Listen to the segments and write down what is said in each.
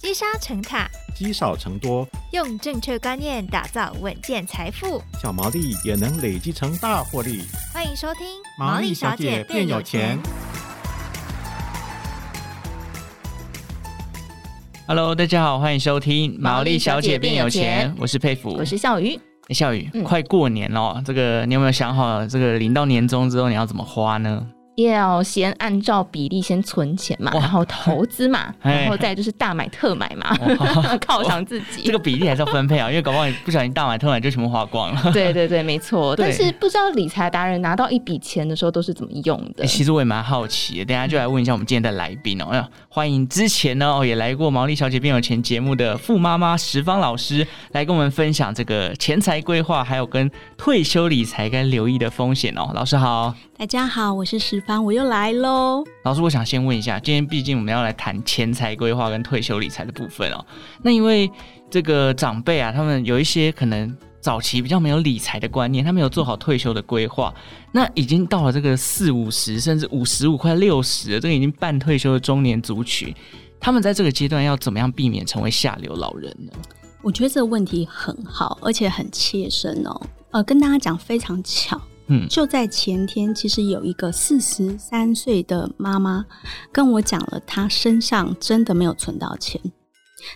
積沙成塔，積少成多，用正確觀念打造穩健財富。小毛利也能累積成大獲利。歡迎收聽《毛利小姐變有錢》。錢 Hello，大家好，歡迎收聽《毛利小姐變有錢》，錢我是沛甫。我是孝瑜。孝瑜、欸，孝瑜嗯、快過年了，這個你有沒有想好，這個領到年終之後你要怎麼花呢？要、yeah, 先按照比例先存錢嘛，哇然後投資嘛，嘿然後再就是大買特買嘛，哇 犒賞自己。這個比例還是要分配啊， 因為搞不好不小心大買特買就全部花光了。對對對，沒錯。對 但是不知道理財達人拿到一筆錢的時候都是怎麼用的、欸？其實我也蠻好奇的，等下就來問一下我們今天的來賓哦。嗯、歡迎之前呢哦也來過《毛利小姐變有錢》節目的富媽媽十方老師來跟我們分享這個錢財規劃，還有跟退休理財該留意的風險哦。老師好。大家好，我是十方，我又來嘍。老師，我想先問一下，今天畢竟我們要來談錢財規劃跟退休理財的部分哦。那因為這個長輩啊，他們有一些可能早期比較沒有理財的觀念，他沒有做好退休的規劃。那已經到了這個四五十，甚至五十五、快六十了，這個已經半退休的中年族群，他們在這個階段要怎麼樣避免成為下流老人呢？我覺得這個問題很好，而且很切身哦。呃，跟大家講非常巧。就在前天，其實有一個四十三歲的媽媽跟我講了，她身上真的沒有存到錢。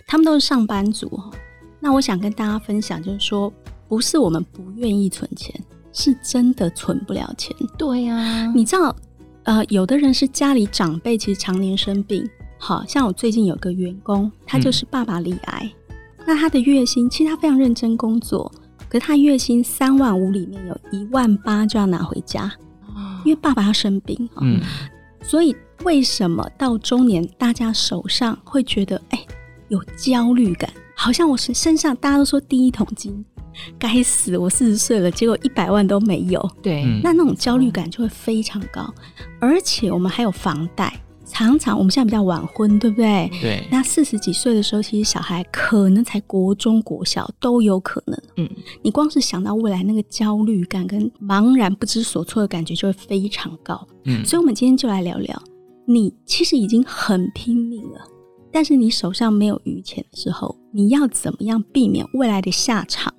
他們都是上班族哈。那我想跟大家分享，就是說，不是我們不願意存錢，是真的存不了錢。對呀、啊，你知道，呃，有的人是家裡長輩其實常年生病，好像我最近有個員工，他就是爸爸罹癌。嗯、那他的月薪，其實他非常認真工作。可是他月薪三萬五，裡面有一萬八就要拿回家，因為爸爸要生病、嗯、所以為什麼到中年，大家手上會覺得哎有焦慮感？好像我身身上大家都說第一桶金，該死，我四十歲了，結果一百萬都沒有。對、嗯，那那種焦慮感就會非常高，而且我們還有房貸。常常我們現在比較晚婚，對不對？對。那四十幾歲的時候，其實小孩可能才國中、國小都有可能。嗯。你光是想到未來那個焦慮感跟茫然不知所措的感覺就會非常高。嗯。所以我們今天就來聊聊，你其實已經很拼命了，但是你手上沒有餘錢的時候，你要怎麼樣避免未來的下場？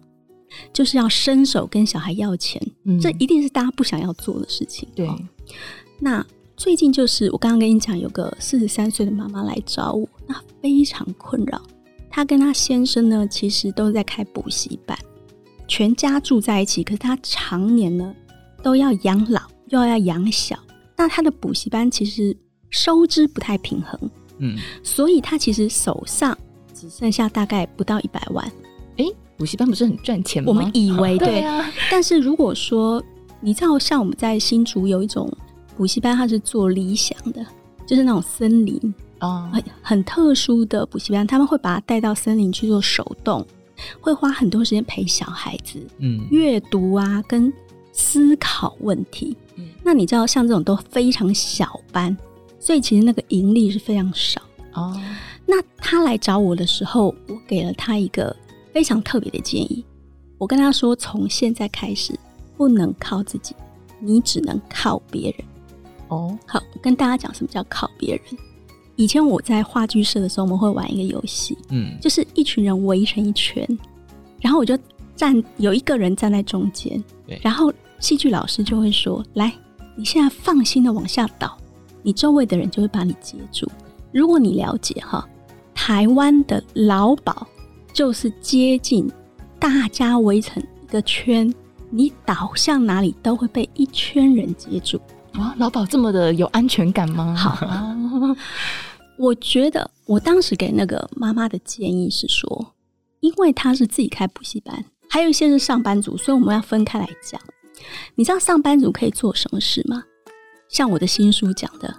就是要伸手跟小孩要錢。嗯。這一定是大家不想要做的事情哦。對。那。最近就是我剛剛跟你講，有個四十三歲的媽媽來找我，那非常困擾。她跟她先生呢，其實都在開補習班，全家住在一起。可是她常年呢，都要養老又要養小，那她的補習班其實收支不太平衡。嗯，所以她其實手上只剩下大概不到一百萬。誒，補習班不是很賺錢嗎？我們以為對啊，但是如果說你知道，像我們在新竹有一種。補習班他是做理想的，就是那種森林啊、oh.，很很特殊的補習班，他們會把他帶到森林去做手動，會花很多時間陪小孩子，嗯，閱讀啊，嗯、跟思考問題。嗯，那你知道像這種都非常小班，所以其實那個盈利是非常少哦。Oh. 那他來找我的時候，我給了他一個非常特別的建議，我跟他說，從現在開始不能靠自己，你只能靠別人。好，我跟大家講什麼叫靠別人。以前我在話劇社的時候，我們會玩一個遊戲，嗯，就是一群人圍成一圈，然後我就站，有一個人站在中間，對，然後戲劇老師就會說：“來，你現在放心的往下倒，你周圍的人就會把你接住。”如果你了解哈，台灣的勞保就是接近大家圍成一個圈，你倒向哪裡都會被一圈人接住。哇、哦，勞保這麼的有安全感嗎？好，我覺得我當時給那個媽媽的建議是說，因為他是自己開補習班，還有一些是上班族，所以我們要分開來講。你知道上班族可以做什麼事嗎？像我的新書講的，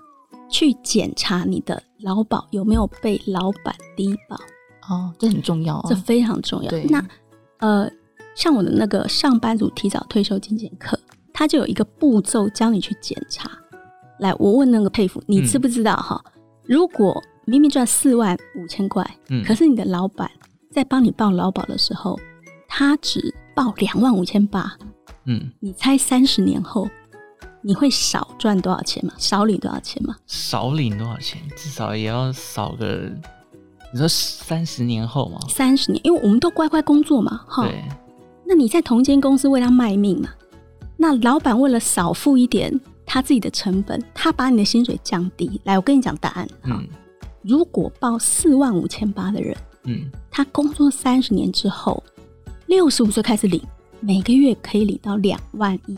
去檢查你的勞保有沒有被老闆低報哦，這很重要，啊，哦，這非常重要。對那呃，像我的那個上班族提早退休進階課。他就有一個步驟教你去檢查。來，我問那個沛甫你知不知道哈？嗯、如果明明賺四萬五千塊，嗯、可是你的老闆在幫你報勞保的時候，他只報兩萬五千八，嗯，你猜三十年後你會少賺多少錢嗎？少領多少錢嗎？少領多少錢？至少也要少個，你說三十年後嗎？三十年，因為我們都乖乖工作嘛，哈。對。那你在同間公司為他賣命嘛？那老闆為了少付一點他自己的成本，他把你的薪水降低。來，我跟你講答案哈。嗯、如果報四萬五千八的人，嗯，他工作三十年之後，六十五歲開始領，每個月可以領到兩萬一。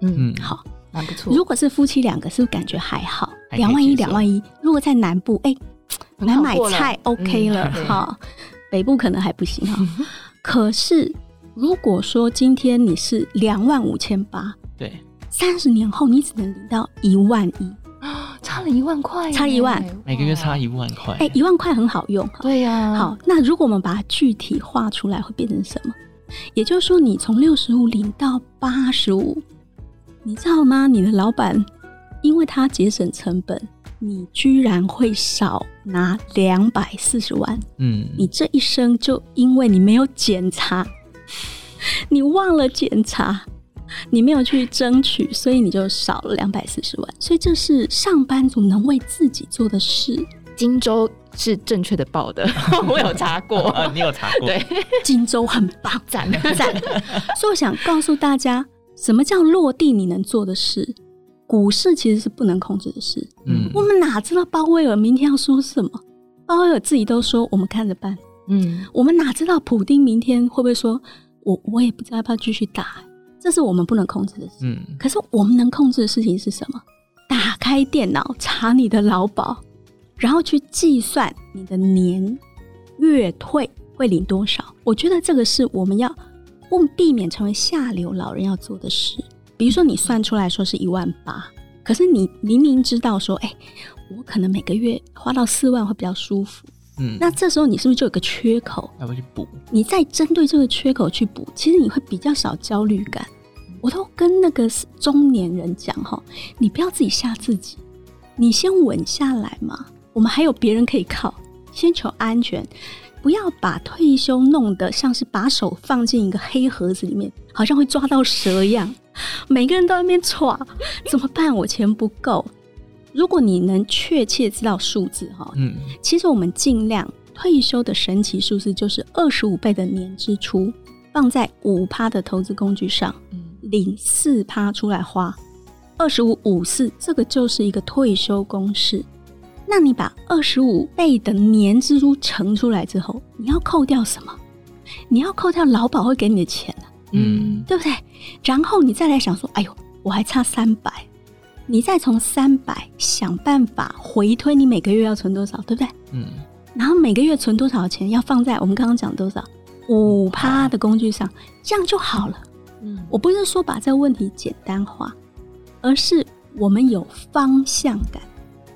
嗯，好，蠻不錯。如果是夫妻兩個，是不是感覺還好？兩萬一，兩萬一。如果在南部，哎、欸，來買菜 OK 了哈、嗯哦。北部可能還不行哈。 可是。如果說今天你是兩萬五千八，對，三十年後你只能領到一萬一，差了一萬塊，1 差一萬，每個月差一萬塊，哎，一萬塊很好用，對呀、啊。好，那如果我們把它具體畫出來，會變成什麼？也就是說，你從六十五領到八十五，你知道嗎？你的老板因為他節省成本，你居然會少拿兩百四十萬。嗯，你這一生就因為你沒有檢查。你忘了檢查，你沒有去爭取，所以你就少了兩百四十萬。所以這是上班族能為自己做的事。荊州是正確的報的， 我有查過、哦啊，你有查過？對，荊州很棒，讚讚。 所以我想告訴大家，什麼叫落地你能做的事？股市其實是不能控制的事。嗯，我們哪知道鮑威爾明天要說什麼？鮑威爾自己都說，我們看着辦。嗯，我們哪知道普丁明天會不會說？我我也不知道要不要繼續打，欸，這是我們不能控制的事情。嗯、可是我們能控制的事情是什麼？打開電腦查你的勞保，然後去計算你的年、月退會領多少。我覺得這個是我們要不避免成為下流老人要做的事。比如說，你算出來說是一萬八，可是你明明知道說，哎、欸，我可能每個月花到四萬會比較舒服。那這時候你是不是就有個缺口？要不去補？你再針對這個缺口去補，其實你會比較少焦慮感。嗯，我都跟那個中年人講哈，你不要自己嚇自己，你先穩下來嘛。我們還有別人可以靠，先求安全，不要把退休弄得像是把手放進一個黑盒子裡面，好像會抓到蛇一樣。每個人都在那邊闖，怎麼辦？我錢不夠。如果你能確切知道數字哈，嗯,嗯，其實我們儘量退休的神奇數字就是二十五倍的年支出放在五趴的投資工具上，嗯嗯領四趴出來花，二十五五四這個就是一個退休公式。那你把二十五倍的年支出乘出來之後，你要扣掉什麼？你要扣掉勞保會給你的錢、啊、嗯,嗯，對不對？然後你再來想說，哎呦，我還差三百。你再從三百想辦法回推，你每個月要存多少，對不對？嗯。然後每個月存多少錢，要放在我們剛剛講多少五趴好的工具上，這樣就好了。嗯。我不是說把這個問題簡單化，而是我們有方向感。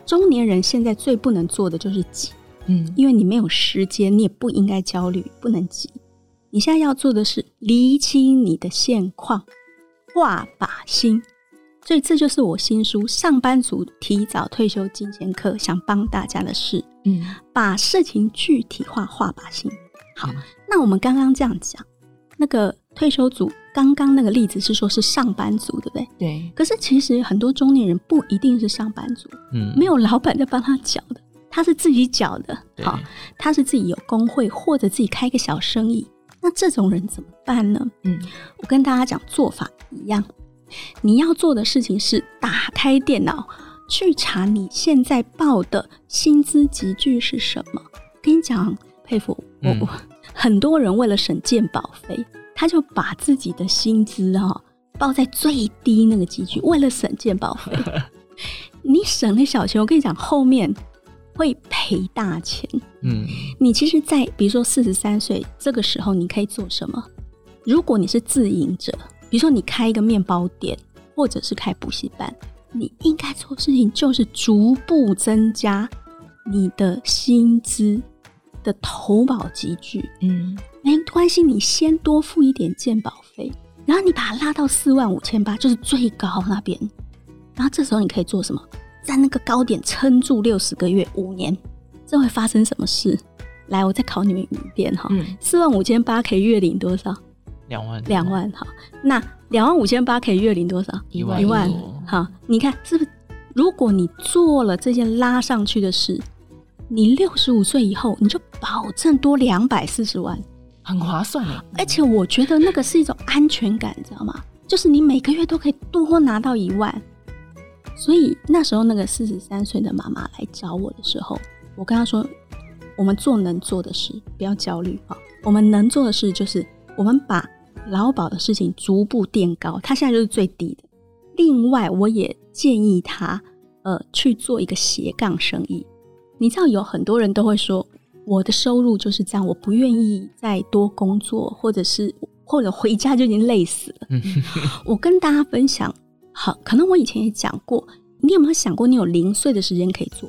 中年人現在最不能做的就是急，嗯，因為你沒有時間，你也不應該焦慮，不能急。你現在要做的是釐清你的現況，畫靶心。所以這就是我新書《上班族提早退休金錢課》想幫大家的事，嗯，把事情具體化，畫靶心。好，嗯、那我們剛剛這樣講，那個退休組剛剛那個例子是說，是上班族，對不對？對。可是其實很多中年人不一定是上班族，嗯，沒有老闆在幫他繳的，他是自己繳的，好，對他是自己有工會或者自己開個小生意，那這種人怎麼辦呢？嗯，我跟大家講做法一樣。你要做的事情是打開電腦，去查你現在報的薪資級距是什麼。跟你講，沛甫我我、哦嗯、很多人為了省健保費，他就把自己的薪資哈、哦、報在最低那個級距，為了省健保費。你省了小錢，我跟你講，後面會賠大錢。嗯，你其實在，在比如說四十三歲這個時候，你可以做什麼？如果你是自營者。比如說你開一個麵包店，或者是開補習班，你應該做的事情就是逐步增加你的薪資的投保級距。嗯，沒關係，你先多付一點健保費，然後你把它拉到四萬五千八，就是最高那邊。然後這時候你可以做什麼？在那個高點撐住六十個月、五年，這會發生什麼事？來，我再考你們一遍哈。嗯。四萬五千八可以月領多少？兩萬,萬，兩萬好，那兩萬五千八可以月領多少？一萬多，一萬，一萬好，你看是不是？如果你做了這件拉上去的事，你六十五歲以後你就保證多兩百四十萬，很划算啊。而且我覺得那個是一種安全感， 知道嗎？就是你每個月都可以多拿到一萬，所以那時候那個四十三歲的媽媽來找我的時候，我跟她說：“我們做能做的事，不要焦慮啊！我們能做的事就是我們把。”勞保的事情逐步墊高，他現在就是最低的。另外，我也建議他呃，去做一個斜槓生意。你知道有很多人都會說，我的收入就是這樣，我不願意再多工作，或者是或者回家就已經累死了。 我跟大家分享，好，可能我以前也講過，你有沒有想過你有零碎的時間可以做？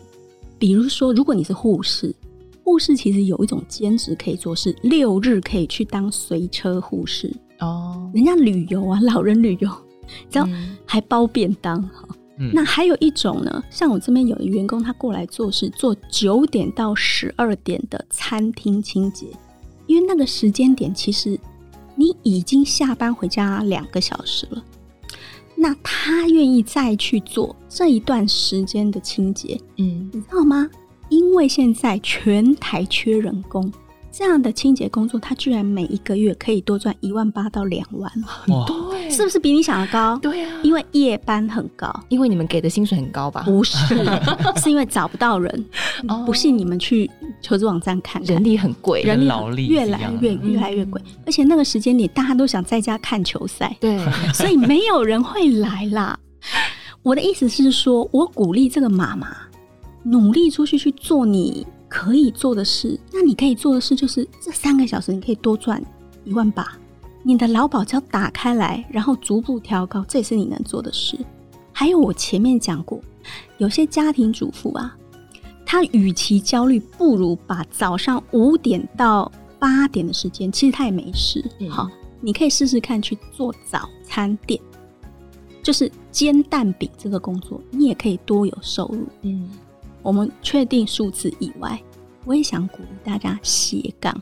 比如說，如果你是護士，護士其實有一種兼職可以做，是六日可以去當隨車護士。哦，oh. 人家旅遊啊，老人旅遊，然後還包便當哈。嗯，那還有一種呢，像我這邊有的員工，他過來做事，做九點到十二點的餐廳清潔，因為那個時間點其實你已經下班回家兩個小時了，那他願意再去做這一段時間的清潔，嗯，你知道嗎？因為現在全台缺人工。這樣的清潔工作，他居然每一個月可以多賺一萬八到兩萬，哇、欸，是不是比你想的高？對啊，因為夜班很高，因為你們給的薪水很高吧？不是， 是因為找不到人。哦、不信你們去求職網站看，看，人力很貴，人力、勞力越來越越，越來越貴，嗯、而且那個時間你大家都想在家看球賽，對， 所以沒有人會來啦。我的意思是說，我鼓勵這個媽媽努力出去去做你。可以做的事，那你可以做的事就是這三個小時，你可以多賺一萬八。你的勞保只要打開來，然後逐步調高，這也是你能做的事。還有我前面講過，有些家庭主婦啊，他與其焦慮，不如把早上五點到八點的時間，其實他也沒事。嗯、好，你可以試試看去做早餐店，就是煎蛋餅這個工作，你也可以多有收入。嗯。我們確定數字以外，我也想鼓勵大家斜槓，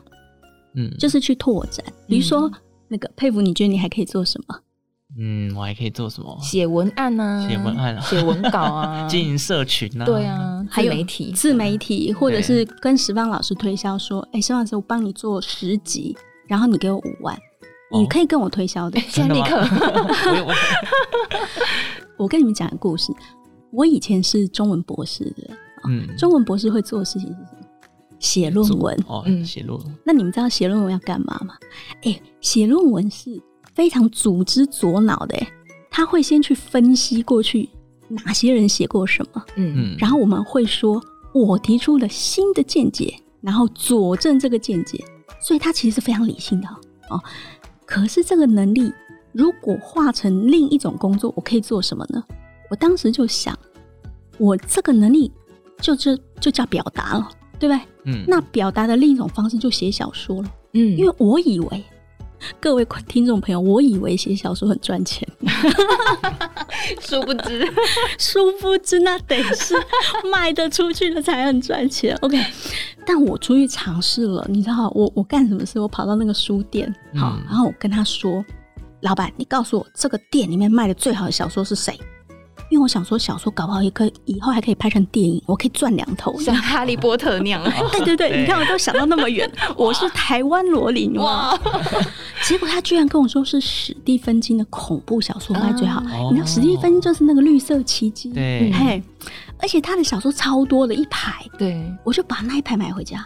嗯，就是去拓展。比如說那個佩服，你覺得你還可以做什麼？嗯，我還可以做什麼？寫文案呢？寫文案，啊，寫文稿啊，經營社群啊，對啊，還有媒體，自媒體，或者是跟十方老師推銷說：“哎，十方老師，我幫你做十集，然後你給我五萬，你可以跟我推銷的。”真的嗎？我跟你們講個故事，我以前是中文博士的。嗯、哦，中文博士會做的事情是什麼？寫論文哦，寫論文。嗯、那你們知道寫論文要幹嘛嗎？哎、欸，寫論文是非常組織左腦的，他會先去分析過去哪些人寫過什麼，嗯嗯哼，然後我們會說，我提出了新的見解，然後佐證這個見解，所以他其實是非常理性的哦。哦可是這個能力如果化成另一種工作，我可以做什麼呢？我當時就想，我這個能力。就這就叫表達了，對不對？嗯。那表達的另一種方式就寫小說了，嗯。因為我以為各位聽眾朋友，我以為寫小說很賺錢， 殊不知， 殊不知那得是賣得出去的才很賺錢。 OK，但我出去嘗試了，你知道，我我幹什麼事？我跑到那個書店，好、嗯，然後我跟他說：“老闆，你告訴我這個店裡面賣的最好的小說是誰？”因為我想說，小說搞不好也可以，以後還可以拍成電影，我可以賺兩頭，像《哈利波特》那樣。 對對對，對你看我都想到那麼遠， 我是台灣羅琳哇！ 結果他居然跟我說是史蒂芬金的恐怖小說拍最好。嗯、你知道史蒂芬金就是那個綠色奇蹟，嗯、對，嘿、嗯，而且他的小說超多的一排，對，我就把那一排買回家。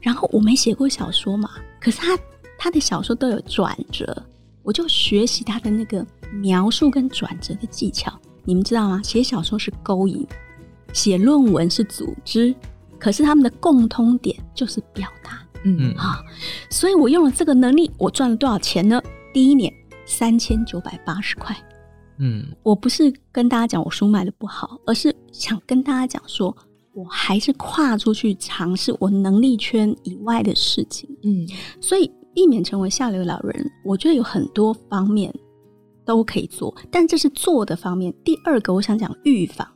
然後我沒寫過小說嘛，可是他他的小說都有轉折，我就學習他的那個描述跟轉折的技巧。你們知道嗎？寫小說是勾引，寫論文是組織，可是他們的共通點就是表達，嗯啊，所以我用了這個能力，我賺了多少錢呢？第一年三千九百八十塊，嗯，我不是跟大家講我書賣得不好，而是想跟大家講說，我還是跨出去嘗試我能力圈以外的事情，嗯，所以避免成為下流老人，我覺得有很多方面。都可以做，但這是做的方面。第二個，我想講預防。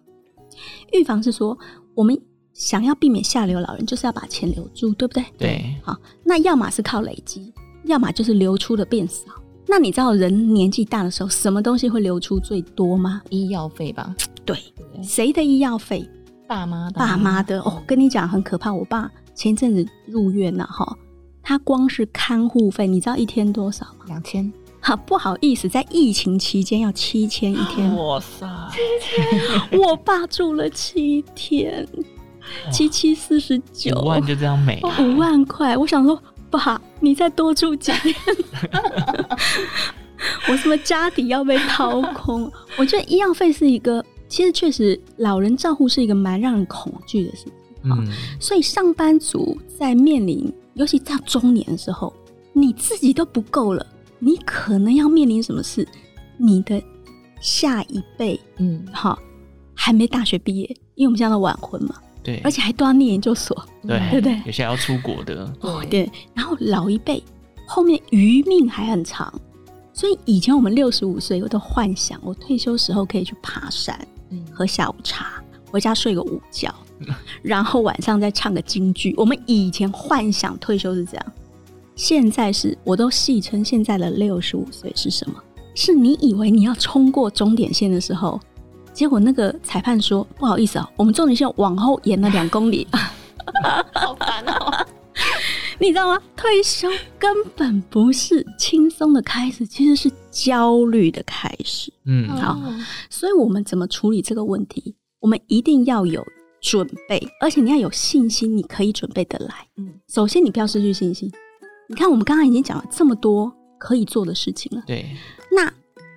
預防是說，我們想要避免下流老人，就是要把錢留住，對不對？對。好，那要麼是靠累積，要麼就是流出的變少。那你知道人年紀大的時候，什麼東西會流出最多嗎？醫藥費吧。對。對，誰的醫藥費？爸媽。媽爸媽的、嗯、哦，跟你講很可怕。我爸前一陣子入院了哈、哦，他光是看護費，你知道一天多少嗎？兩千。好，不好意思，在疫情期間要七千一天。哇塞！七千，我爸住了七天， 七七四十九，五萬就這樣沒了。五萬塊，我想說，爸，你再多住幾天。 我什麼家底要被掏空。 我覺得醫藥費是一個，其實確實老人照護是一個蠻讓人恐懼的事情，嗯，所以上班族在面臨，尤其到中年的時候，你自己都不夠了。你可能要面臨什麼事？你的下一輩，嗯，哈，還沒大學畢業，因為我們現在都晚婚嘛，對，而且還都要念研究所，對對對，對對有些要出國的，哦，對。然後老一輩後面餘命還很長，所以以前我們六十五歲，我都幻想我退休時候可以去爬山，嗯，喝下午茶，回家睡個午覺， 然後晚上再唱個京劇。我們以前幻想退休是這樣。現在是我都戲稱現在的六十五歲是什麼？是你以為你要衝過終點線的時候，結果那個裁判說：“不好意思啊，我們終點線往後延了兩公里。” 好煩啊！你知道嗎？退休根本不是輕鬆的開始，其實是焦慮的開始。嗯，好，所以我們怎麼處理這個問題？我們一定要有準備，而且你要有信心，你可以準備得來。嗯，首先你不要失去信心。你看，我們剛剛已經講了這麼多可以做的事情了。對，那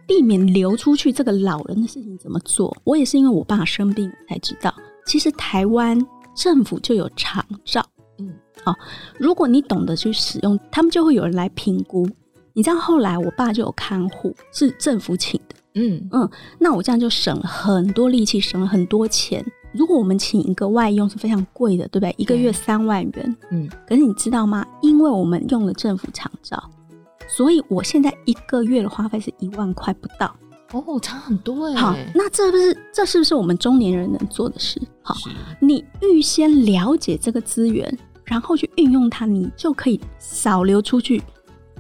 避免流出去這個老人的事情怎麼做？我也是因為我爸生病才知道，其實台灣政府就有長照。嗯，好、哦，如果你懂得去使用，他們就會有人來評估。你知道，後來我爸就有看護，是政府請的。嗯嗯，那我這樣就省了很多力氣，省了很多錢。如果我們請一個外傭是非常貴的，對不對？一個月三萬元。Okay. 嗯，可是你知道嗎？因為我們用了政府長照，所以我現在一個月的花費是一萬塊不到。哦，oh, 差很多哎、欸。好，那這不是這是不是我們中年人能做的事？好，啊、你預先了解這個資源，然後去運用它，你就可以少流出去。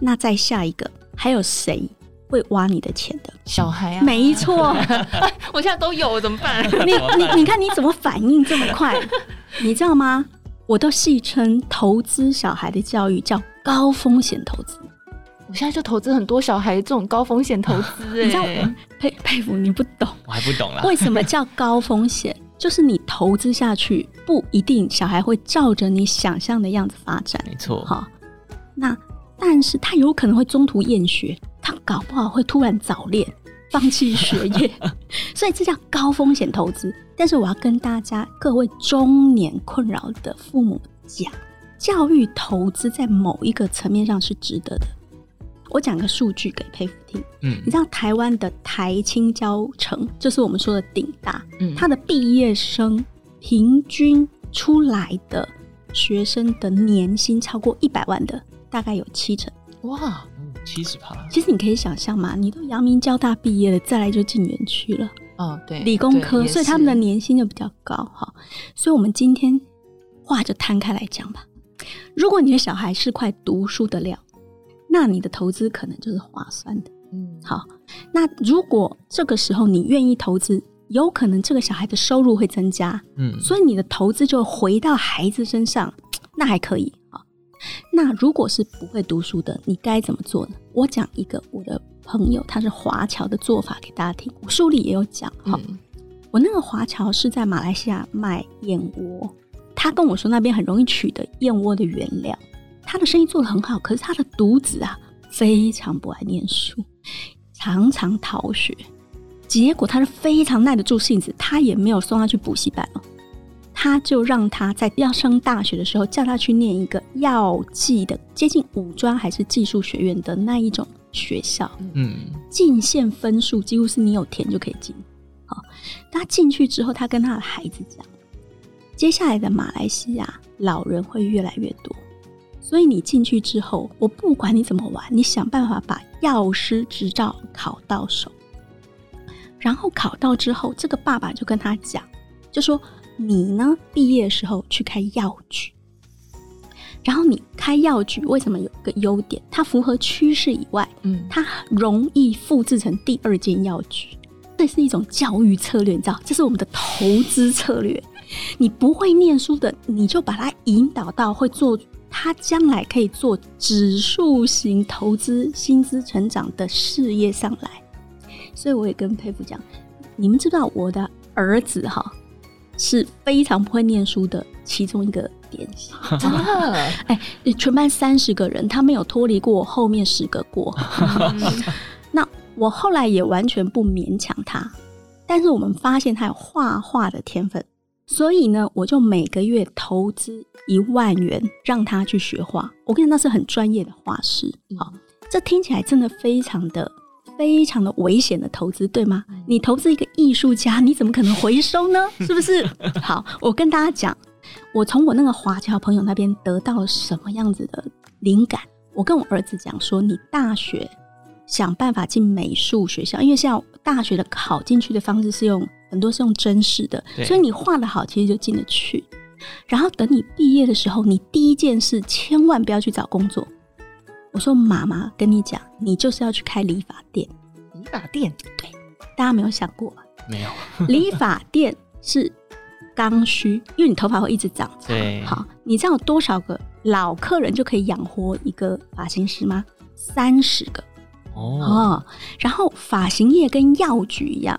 那再下一個還有誰？會挖你的錢的小孩，啊，沒錯錯， 我現在都有怎麼辦？ 你你你看你怎麼反應這麼快？ 你知道嗎？我都戲稱投資小孩的教育叫高風險投資。我現在就投資很多小孩這種高風險投資，欸，你知道嗎？ 佩佩服，你不懂，我還不懂啦。為什麼叫高風險？就是你投資下去不一定小孩會照着你想象的樣子發展，沒錯錯。好，那但是他有可能會中途厭學。他搞不好會突然早戀，放棄學業， 所以這叫高風險投資。但是我要跟大家各位中年困擾的父母講，教育投資在某一個層面上是值得的。我講個數據給沛甫聽，嗯，你知道台灣的台清交成就是我們說的頂大，嗯，他的畢業生平均出來的學生的年薪超過一百萬的，大概有七成，哇。其實你可以想象嘛，你都陽明交大畢業了，再來就進園區了，哦，對，理工科，對所以他們的年薪就比較高哈是。所以，我們今天話就攤開來講吧。如果你的小孩是塊讀書的料，那你的投資可能就是划算的。嗯，好，那如果這個時候你願意投資，有可能這個小孩的收入會增加。嗯，所以你的投資就回到孩子身上，那還可以。那如果是不會讀書的，你該怎麼做呢？我講一個我的朋友，他是華僑的做法給大家聽。書裡也有講，嗯、好，我那個華僑是在馬來西亞賣燕窩，他跟我說那邊很容易取得燕窩的原料，他的生意做得很好。可是他的獨子啊，非常不愛念書，常常逃學，結果他是非常耐得住性子，他也沒有送他去補習班。他就讓他在要上大學的時候，叫他去念一個藥劑的，接近五專還是技術學院的那一種學校。嗯，進線分數幾乎是你有填就可以進。啊、哦。他進去之後，他跟他的孩子講，接下來的馬來西亞老人會越來越多，所以你進去之後，我不管你怎麼玩，你想辦法把藥師執照考到手。然後考到之後，這個爸爸就跟他講，就說。你呢？畢業的時候去開藥局，然後你開藥局，為什麼有一個優點？它符合趨勢以外，嗯，它容易複製成第二間藥局。嗯、這是一種教育策略，你知道？這是我們的投資策略。 你不會念書的，你就把它引導到會做，他將來可以做指數型投資、薪資成長的事業上來。所以我也跟沛甫講，你們知道我的兒子哈，是非常不會念書的其中一個典型。哎， 全班三十個人，他沒有脫離過我後面十個過。 那我後來也完全不勉強他，但是我們發現他有畫畫的天分，所以呢，我就每個月投資一萬元讓他去學畫。我跟你說，那是很專業的畫師，好，這聽起來真的非常的。非常的危險的投資，對嗎？你投資一個藝術家，你怎麼可能回收呢？是不是？好，我跟大家講，我從我那個華僑朋友那邊得到了什麼樣子的靈感。我跟我兒子講說，你大學想辦法進美術學校，因為像大學的考進去的方式是用很多是用甄試的，所以你畫得好其實就進得去。然後等你畢業的時候，你第一件事千萬不要去找工作。我說媽媽，跟你講，你就是要去開理髮店。理髮店，對，大家沒有想過嗎？沒有。 理髮店是剛需，因為你頭髮會一直長長。對好，你知道多少個老客人就可以養活一個髮型師嗎？三十個。哦,哦。然後髮型業跟藥局一樣，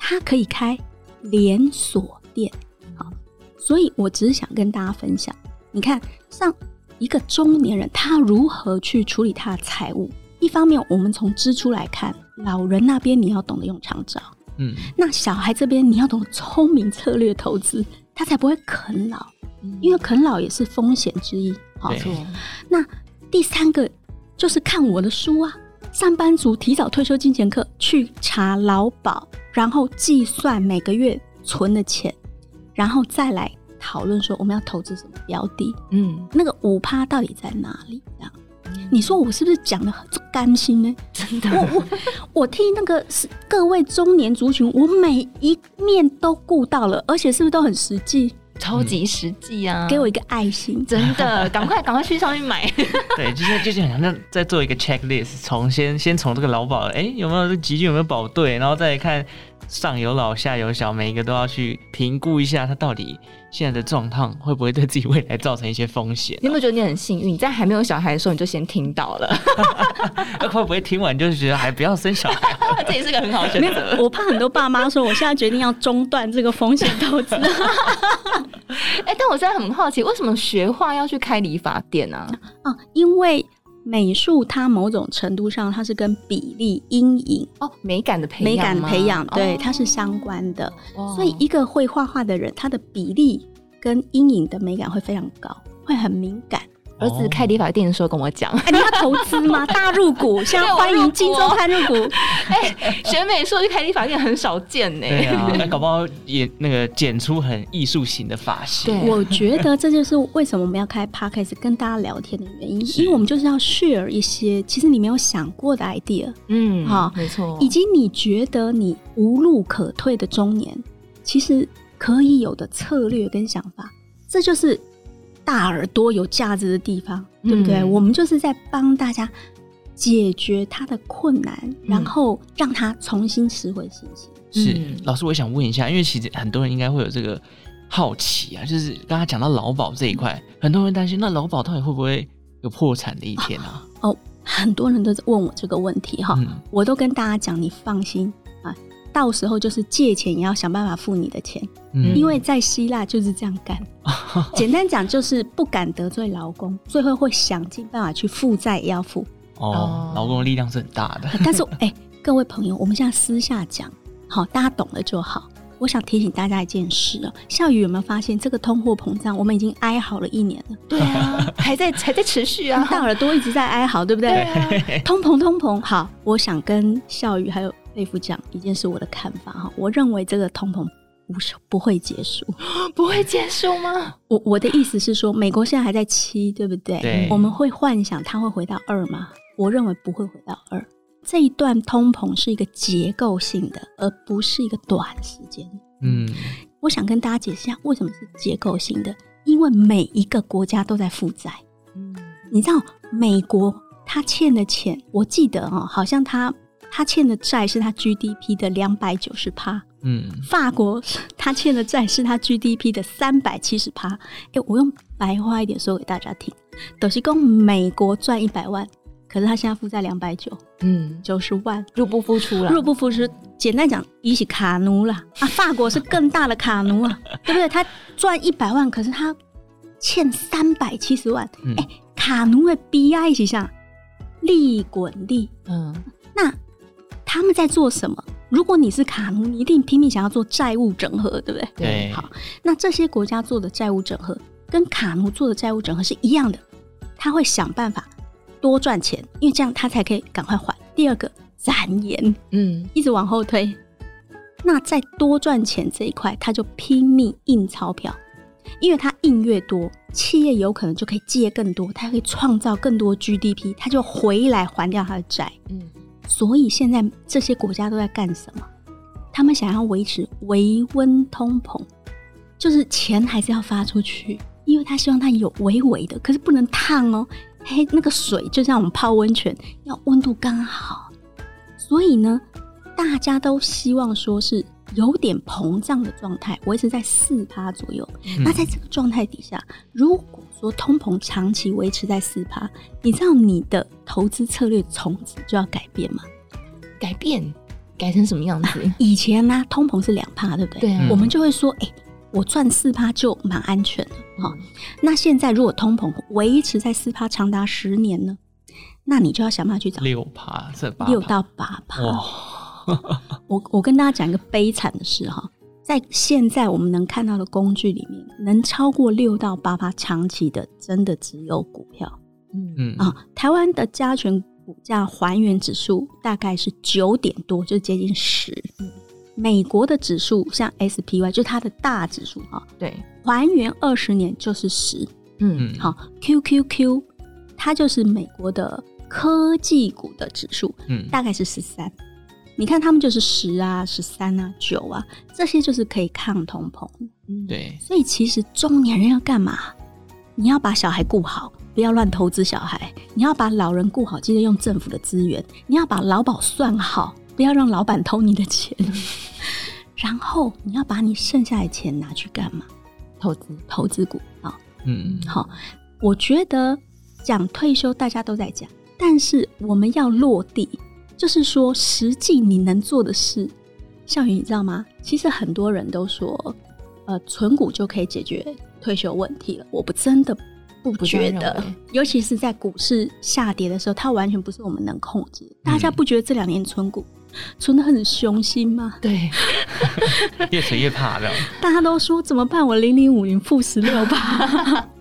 它可以開連鎖店。好，所以我只是想跟大家分享，你看上。一個中年人，他如何去處理他的財務？一方面，我們從支出來看，老人那邊你要懂得用長照，嗯，那小孩這邊你要懂聰明策略投資，他才不會啃老，因為啃老也是風險之一，嗯哦、對。那第三個就是看我的書啊，上班族提早退休金錢課去查勞保，然後計算每個月存的錢，然後再來。討論說我們要投資什麼標的？嗯，那個五趴到底在哪裡、啊？嗯、你說我是不是講得很甘心呢？真的，我我我替那個各位中年族群，我每一面都顧到了，而且是不是都很實際？超級實際啊！給我一個愛心，嗯、真的，趕快趕快去上面買。 對，就是就是好像在做一個 checklist，從先先從這個勞保，哎、欸，有沒有這集，有沒有保對，然後再看。上有老下有小，每一個都要去評估一下他到底現在的狀況會不會對自己未來造成一些風險。你有沒有覺得你很幸運？你在還沒有小孩的時候，你就先聽到了，會 不會聽完就是覺得哎不要生小孩？ 這也是個很好選擇。沒有，我怕很多爸媽說，我現在決定要中斷這個風險投資。哎、 欸，但我現在很好奇，為什麼學畫要去開理髮店呢、啊啊？因為。美術它某種程度上，它是跟比例、陰影哦，美感的培美感的培養，哦、對，它是相關的。哦、所以，一個會畫畫的人，他的比例跟陰影的美感會非常高，會很敏感。兒子開理髮店的時候跟我講、哦欸：“你要投資嗎？大入股，現在 歡迎金鐘派入股。欸”哎、哦欸，學美術去開理髮店很少見呢、啊。那、欸、搞不好也那個剪出很藝術型的髮型。對， 我覺得這就是為什麼我們要開 podcast 跟大家聊天的原因，是因為我們就是要 share 一些其實你沒有想過的 idea。嗯，哈、哦，沒錯錯，以及你覺得你無路可退的中年，其實可以有的策略跟想法，這就是。大耳朵有價值的地方，對不對？嗯、我們就是在幫大家解決他的困難，嗯、然後讓他重新拾回信心、心。是老師，我想問一下，因為其實很多人應該會有這個好奇啊，就是剛剛講到勞保這一塊，嗯、很多人擔心那勞保到底會不會有破產的一天啊？哦、哦，很多人都在問我這個問題哈、哦，嗯、我都跟大家講，你放心啊。到時候就是借錢也要想辦法付你的錢，嗯、因為在希臘就是這樣幹。嗯、簡單講就是不敢得罪勞工，最後會想盡辦法去負債也要付。哦，勞、嗯、工的力量是很大的。但是哎、欸，各位朋友，我們現在私下講，好，大家懂了就好。我想提醒大家一件事啊，孝瑜有沒有發現這個通貨膨脹，我們已經哀嚎了一年了？對啊， 還在還在持續啊，大耳朵一直在哀嚎，對不對？對啊、 通膨通膨。好，我想跟孝瑜還有。沛甫，講一件事，我的看法哈，我認為這個通膨不是不會結束， 不會結束嗎？我我的意思是說，美國現在還在七，對不對？對。我們會幻想它會回到二嗎？我認為不會回到二。這一段通膨是一個結構性的，而不是一個短的時間。嗯，我想跟大家解釋一下為什麼是結構性的，因為每一個國家都在負債。嗯，你知道美國他欠的錢，我記得哦、喔，好像他。他欠的債是他 GDP 的兩百九十趴，嗯，法國他欠的債是他 GDP 的三百七十趴，哎，我用白話一點說給大家聽，都、就是說美國賺一百萬，可是他現在負債兩百九，嗯，九十萬，入不敷出了，入不敷出，簡單講，他是卡奴啦。 啊，法國是更大的卡奴啊， 對不對？他賺一百萬，可是他欠三百七十萬。哎、嗯，卡奴的悲哀是啥？利滾利。嗯，那。他們在做什麼？如果你是卡奴，你一定拼命想要做債務整合，對不對？對。好，那這些國家做的債務整合，跟卡奴做的債務整合是一樣的。他會想辦法多賺錢，因為這樣他才可以趕快還。第二個，延錢，嗯，一直往後推。那在多賺錢這一塊，他就拼命印鈔票，因為他印越多，企業有可能就可以借更多，他可以創造更多 GDP，他就回來還掉他的債。嗯。所以現在這些國家都在幹什麼？他們想要維持微溫通膨，就是錢還是要發出去，因為他希望他有微微的，可是不能燙哦、喔。嘿，那個水就像我們泡溫泉，要溫度剛好。所以呢，大家都希望說是有點膨脹的狀態，維持在四趴左右。嗯、那在這個狀態底下，如果說通膨長期維持在四趴，你知道你的投資策略從此就要改變嗎？改變，改成什麼樣子？啊、以前呢、啊，通膨是兩趴對不對？對、啊、我們就會說，哎、欸，我賺四趴就蠻安全了，哈。那現在如果通膨維持在四趴長達十年呢，那你就要想辦法去找六趴。六到八趴，我我跟大家講一個悲慘的事哈。在現在我們能看到的工具裡面，能超過六到八趴長期的，真的只有股票。嗯嗯啊，台灣的加權股價還原指數大概是九點多，就接近十。嗯，美國的指數像 SPY，就它的大指數啊，對，還原二十年就是十。嗯，好、啊，QQQ，它就是美國的科技股的指數，嗯，大概是十三。你看他們就是十啊，十三啊、九啊，這些就是可以抗通膨。嗯、對，所以其實中年人要幹嘛？你要把小孩顧好，不要亂投資小孩；你要把老人顧好，記得用政府的資源；你要把勞保算好，不要讓老闆偷你的錢。 然後你要把你剩下的錢拿去幹嘛？投資，投資股啊。哦、嗯，好、哦。我覺得講退休大家都在講，但是我們要落地。就是說，實際你能做的事，孝瑜，你知道嗎？其實很多人都說，呃，存股就可以解決退休問題了。我不真的不覺得，尤其是在股市下跌的時候，它完全不是我們能控制。嗯、大家不覺得這兩年存股存得很雄心嗎？對， 越存越怕的。大家都說怎麼辦？我零零五零負十六吧。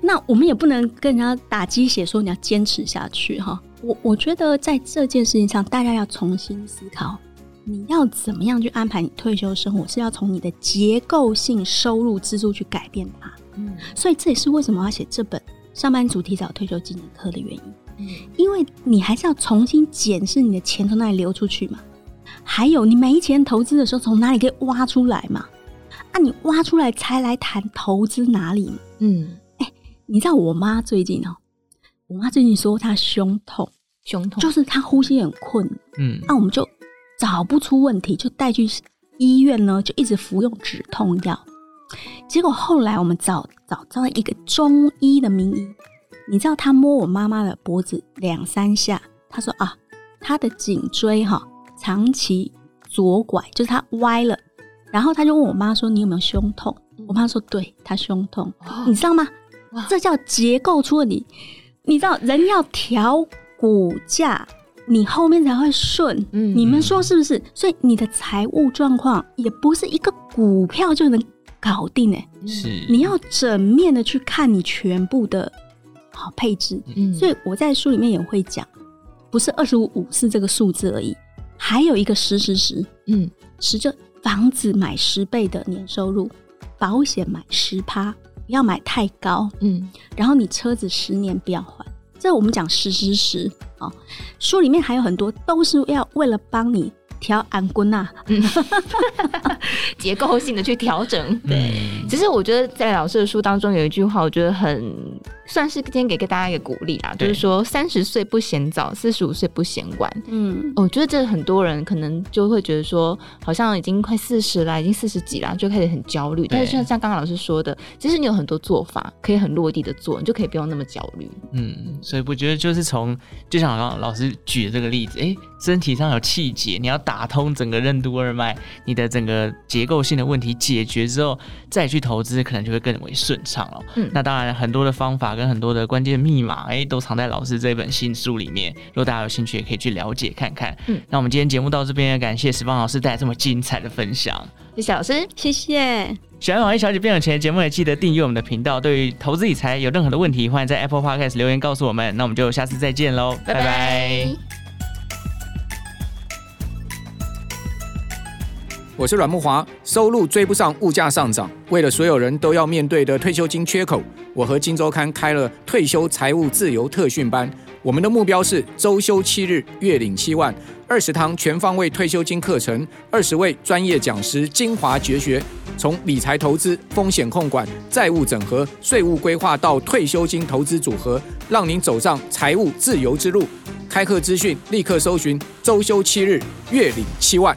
那我們也不能跟人家打雞血說，你要堅持下去哈、哦。我我覺得在這件事情上，大家要重新思考，你要怎麼樣去安排你退休生活，是要從你的結構性收入支柱去改變它。嗯，所以這也是為什麼要寫這本《上班族提早退休紀念課》的原因。嗯，因為你還是要重新檢視你的錢從哪裡流出去嘛。還有你沒錢投資的時候，從哪裡可以挖出來嘛？啊，你挖出來才來談投資哪裡？嗯。你知道我媽最近哦，我媽最近說她胸痛，胸痛就是她呼吸很困，嗯，那我們就找不出問題，就帶去醫院呢，就一直服用止痛藥。結果後來我們找找找到了一個中醫的名醫，你知道他摸我媽媽的脖子兩三下，他說啊，他的頸椎哈長期左拐，就是他歪了。然後他就問我媽說：“你有沒有胸痛？”我媽說：“對，她胸痛。”哦，你知道嗎？哇這叫結構出問題，你知道，人要調骨架，你後面才會順。嗯，你們說是不是？所以你的財務狀況也不是一個股票就能搞定耶。是，你要整面的去看你全部的，好配置。嗯，所以我在書裡面也會講，不是二十五五四這個數字而已，還有一個十十十。10，嗯，十就房子買十倍的年收入，保險買十趴，不要買太高，嗯，然後你車子十年不要換。這我們講實實實啊，書裡面還有很多都是要為了幫你。調安、滾吶，結構性的去調整。對，其實我覺得在老師的書當中有一句話，我覺得很算是今天給給大家一個鼓勵啦，就是說三十歲不嫌早，四十五歲不嫌晚。嗯，我覺得這很多人可能就會覺得說，好像已經快四十啦，已經四十幾啦，就開始很焦慮。但是就像剛剛老師說的，其實你有很多做法可以很落地的做，你就可以不用那麼焦慮。嗯，所以我覺得就是從就像剛剛老師舉的這個例子，哎、欸，身體上有氣節，你要。打通整個任督二脈，你的整個結構性的問題解決之後，再去投資可能就會更為順暢了。嗯，那當然很多的方法跟很多的關鍵密碼，哎，都藏在老師這本新書裡面。如果大家有興趣，也可以去了解看看。嗯，那我們今天節目到這邊，也感謝十方老師帶來這麼精彩的分享。謝謝老師，謝謝。喜歡毛利小姐變有錢節目，也記得訂閱我們的頻道。對於投資理財有任何的問題，歡迎在 Apple Podcast 留言告訴我們。那我們就下次再見嘍，拜拜。拜拜。我是阮慕華，收入追不上物價上漲，為了所有人都要面對的退休金缺口，我和金周刊開了退休財務自由特訓班。我們的目標是周休七日，月領七萬，二十堂全方位退休金課程，二十位專業講師精華絕學，從理財投資、風險控管、債務整合、稅務規劃到退休金投資組合，讓您走上財務自由之路。開課資訊立刻搜尋，周休七日，月領七萬。